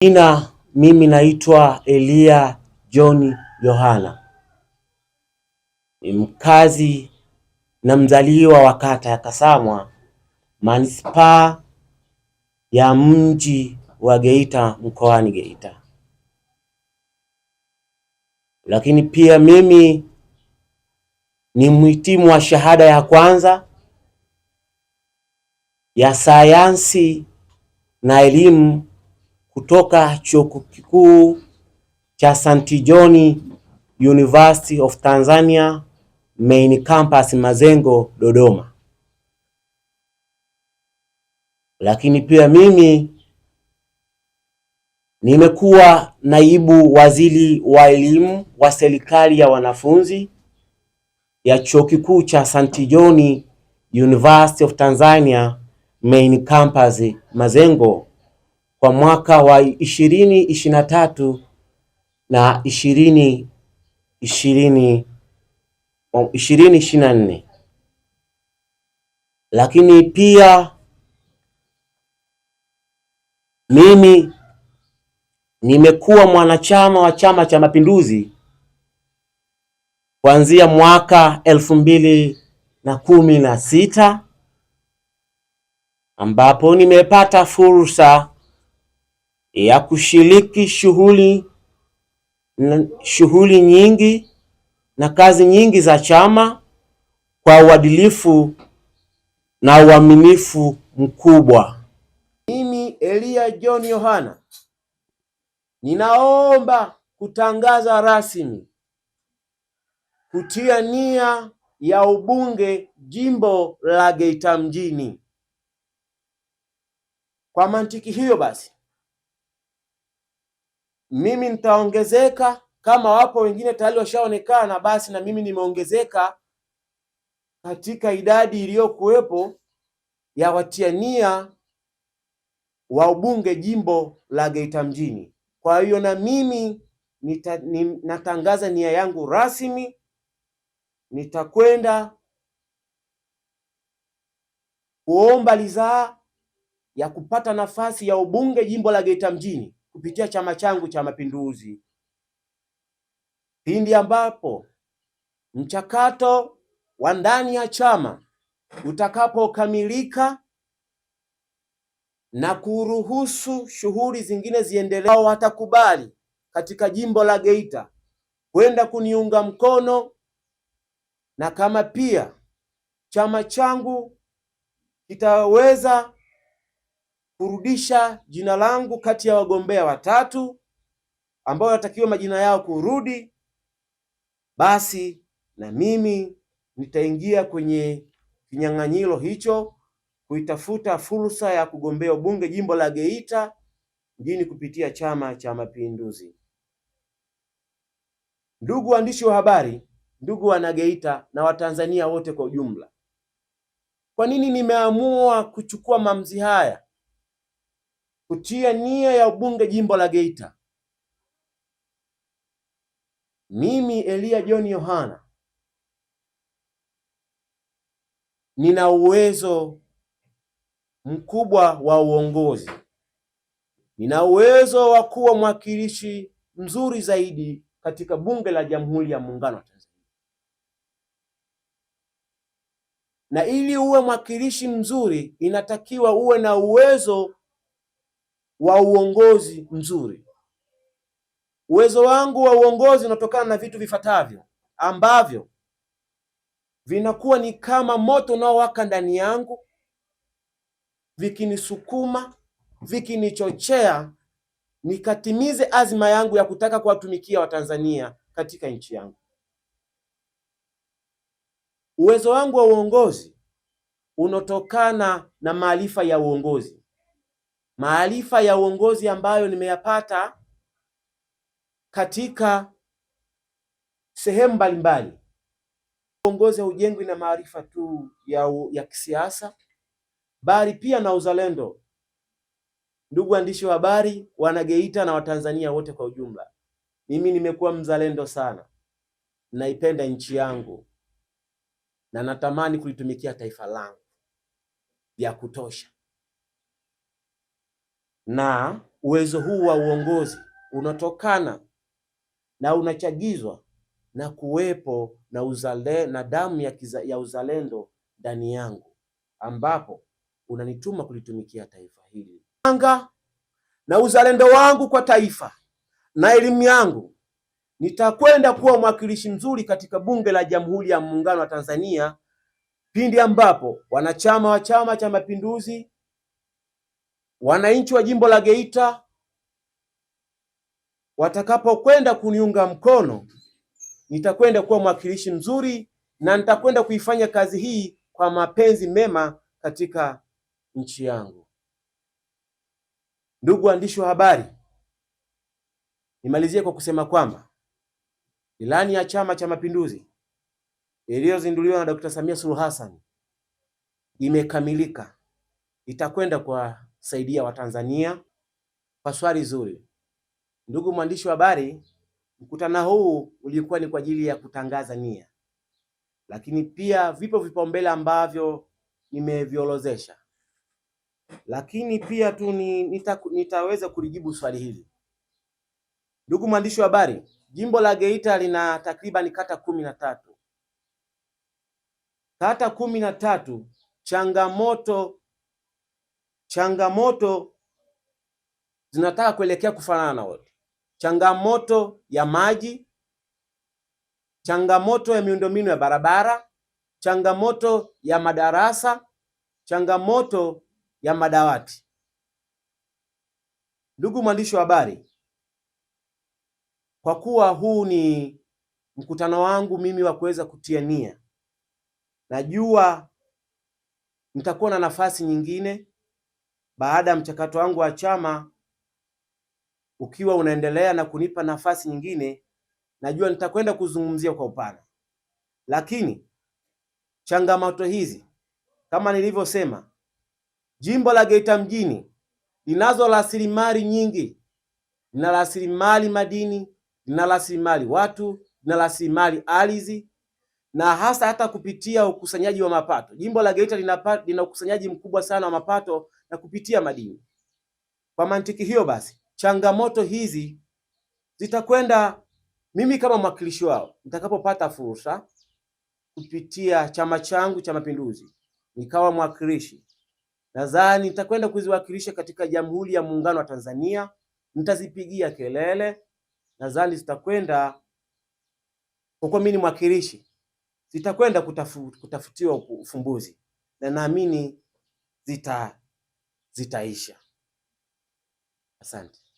Jina mimi naitwa Elia John Yohana, ni mkazi na mzaliwa wa kata ya Kasamwa, manispaa ya mji wa Geita, mkoani Geita. Lakini pia mimi ni mhitimu wa shahada ya kwanza ya sayansi na elimu kutoka chuo kikuu cha St. John University of Tanzania Main Campus Mazengo Dodoma. Lakini pia mimi nimekuwa naibu waziri wa elimu wa serikali ya wanafunzi ya chuo kikuu cha St. John University of Tanzania Main Campus Mazengo kwa mwaka wa ishirini na tatu na ishirini na nne lakini pia mimi nimekuwa mwanachama wa Chama cha Mapinduzi kuanzia mwaka elfu mbili na kumi na sita ambapo nimepata fursa ya kushiriki shughuli shughuli nyingi na kazi nyingi za chama kwa uadilifu na uaminifu mkubwa. Mimi Elia John Yohana ninaomba kutangaza rasmi kutia nia ya ubunge jimbo la Geita mjini. Kwa mantiki hiyo basi mimi nitaongezeka. Kama wapo wengine tayari washaonekana, basi na mimi nimeongezeka katika idadi iliyokuwepo ya watiania wa ubunge jimbo la Geita mjini. Kwa hiyo na mimi nita, ni, natangaza nia yangu rasmi, nitakwenda kuomba ridhaa ya kupata nafasi ya ubunge jimbo la Geita mjini kupitia chama changu cha Mapinduzi, pindi ambapo mchakato wa ndani ya chama utakapokamilika na kuruhusu shughuli zingine ziendelee, watakubali katika jimbo la Geita kwenda kuniunga mkono, na kama pia chama changu kitaweza kurudisha jina langu kati ya wagombea watatu ambao watakiwa majina yao kurudi, basi na mimi nitaingia kwenye kinyang'anyiro hicho kuitafuta fursa ya kugombea ubunge jimbo la Geita mjini kupitia Chama cha Mapinduzi. Ndugu waandishi wa habari, ndugu wanageita na Watanzania wote kwa ujumla, kwa nini nimeamua kuchukua maamuzi haya? kutia nia ya ubunge jimbo la Geita, mimi Elia John Yohana nina uwezo mkubwa wa uongozi, nina uwezo wa kuwa mwakilishi mzuri zaidi katika bunge la Jamhuri ya Muungano wa Tanzania. Na ili uwe mwakilishi mzuri, inatakiwa uwe na uwezo wa uongozi mzuri. Uwezo wangu wa uongozi unatokana na vitu vifuatavyo ambavyo vinakuwa ni kama moto unaowaka ndani yangu, vikinisukuma, vikinichochea nikatimize azima yangu ya kutaka kuwatumikia Watanzania katika nchi yangu. Uwezo wangu wa uongozi unatokana na maarifa ya uongozi maarifa ya uongozi ambayo nimeyapata katika sehemu mbalimbali. Uongozi haujengwi na maarifa tu ya, ya kisiasa bali pia na uzalendo. Ndugu waandishi wa habari, Wanageita na Watanzania wote kwa ujumla, mimi nimekuwa mzalendo sana, naipenda nchi yangu na natamani kulitumikia taifa langu vya kutosha na uwezo huu wa uongozi unatokana na unachagizwa na kuwepo na uzale, na damu ya, kiza, ya uzalendo ndani yangu ambapo unanituma kulitumikia taifa hili anga na uzalendo wangu kwa taifa na elimu yangu nitakwenda kuwa mwakilishi mzuri katika Bunge la Jamhuri ya Muungano wa Tanzania pindi ambapo wanachama wa Chama cha Mapinduzi wananchi wa jimbo la Geita watakapokwenda kuniunga mkono, nitakwenda kuwa mwakilishi mzuri na nitakwenda kuifanya kazi hii kwa mapenzi mema katika nchi yangu. Ndugu waandishi wa habari, nimalizie kwa kusema kwamba ilani ya Chama cha Mapinduzi iliyozinduliwa na Dr. Samia Suluhu Hassan imekamilika, itakwenda kwa kusaidia Watanzania. Kwa swali zuri, ndugu mwandishi wa habari, mkutano huu ulikuwa ni kwa ajili ya kutangaza nia, lakini pia vipo vipaumbele ambavyo nimeviolozesha, lakini pia tu ni, nita, nitaweza kulijibu swali hili. Ndugu mwandishi wa habari, jimbo la Geita lina takriban kata kumi na tatu kata kumi na tatu changamoto changamoto zinataka kuelekea kufanana wote: changamoto ya maji, changamoto ya miundombinu ya barabara, changamoto ya madarasa, changamoto ya madawati. Ndugu mwandishi wa habari, kwa kuwa huu ni mkutano wangu mimi wa kuweza kutia nia, najua nitakuwa na nafasi nyingine baada ya mchakato wangu wa chama ukiwa unaendelea na kunipa nafasi nyingine, najua nitakwenda kuzungumzia kwa upana, lakini changamoto hizi kama nilivyosema, jimbo la Geita mjini linazo rasilimali nyingi, lina rasilimali madini, lina rasilimali watu, lina rasilimali ardhi na hasa hata kupitia ukusanyaji wa mapato. Jimbo la Geita lina, lina ukusanyaji mkubwa sana wa mapato na kupitia madini. Kwa mantiki hiyo basi, changamoto hizi zitakwenda, mimi kama mwakilishi wao nitakapopata fursa kupitia chama changu cha Mapinduzi nikawa mwakilishi, nadhani nitakwenda kuziwakilisha katika Jamhuri ya Muungano wa Tanzania, nitazipigia kelele, nadhani zitakwenda kwa kuwa mimi ni mwakilishi zitakwenda kutafu, kutafutiwa ufumbuzi na naamini zita zitaisha. Asante.